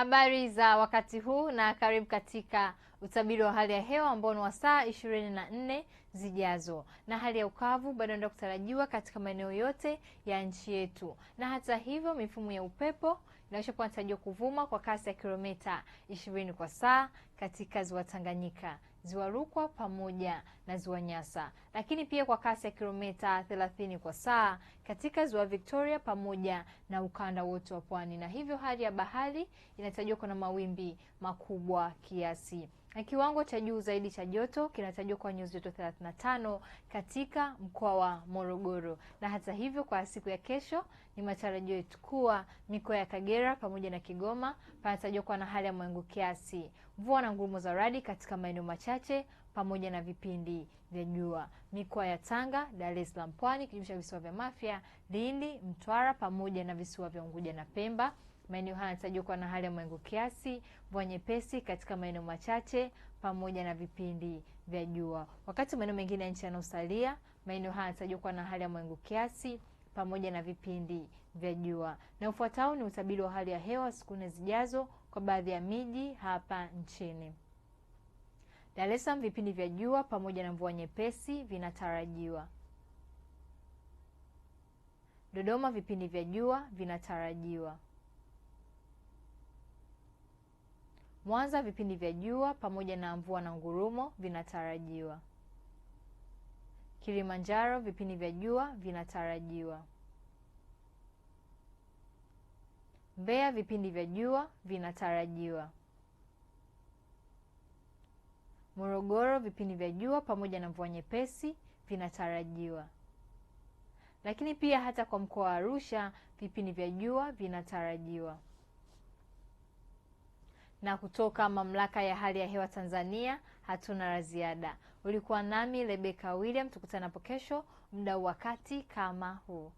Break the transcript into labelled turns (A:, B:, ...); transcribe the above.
A: Habari za wakati huu na karibu katika utabiri wa hali ya hewa ambao ni wa saa 24 zijazo, na hali ya ukavu bado ndio kutarajiwa katika maeneo yote ya nchi yetu. Na hata hivyo, mifumo ya upepo inaweza inatarajiwa kuvuma kwa kasi ya kilomita 20 kwa saa katika ziwa Tanganyika ziwa Rukwa pamoja na ziwa Nyasa, lakini pia kwa kasi ya kilomita 30 kwa saa katika ziwa Victoria pamoja na ukanda wote wa pwani, na hivyo hali ya bahari inatajwa kuna mawimbi makubwa kiasi na kiwango cha juu zaidi cha joto kinatajwa kwa nyuzi joto 35 katika mkoa wa Morogoro. Na hata hivyo, kwa siku ya kesho ni matarajio yetu kuwa mikoa ya Kagera pamoja na Kigoma panatajwa kuwa na hali ya mawingu kiasi, mvua na ngurumo za radi katika maeneo machache pamoja na vipindi vya jua. Mikoa ya Tanga, Dar es Salaam, Pwani, kijumlisha visiwa vya Mafia, Lindi, Mtwara pamoja na visiwa vya Unguja na Pemba Maeneo haya yanatajwa kuwa na hali ya mawingu kiasi, mvua nyepesi katika maeneo machache pamoja na vipindi vya jua. Wakati maeneo mengine ya nchi yanaosalia, maeneo haya yanatajwa kuwa na hali ya mawingu kiasi pamoja na vipindi vya jua. Na ufuatao ni utabiri wa hali ya hewa siku nne zijazo kwa baadhi ya miji hapa nchini. Dar es Salaam, vipindi vya jua pamoja na mvua nyepesi vinatarajiwa. Dodoma, vipindi vya jua vinatarajiwa. Mwanza vipindi vya jua pamoja na mvua na ngurumo vinatarajiwa. Kilimanjaro vipindi vya jua vinatarajiwa. Mbeya vipindi vya jua vinatarajiwa. Morogoro vipindi vya jua pamoja na mvua nyepesi vinatarajiwa. Lakini pia hata kwa mkoa wa Arusha vipindi vya jua vinatarajiwa na kutoka Mamlaka ya Hali ya Hewa Tanzania hatuna la ziada. Ulikuwa nami rebeka William, tukutanapo kesho muda wakati kama huu.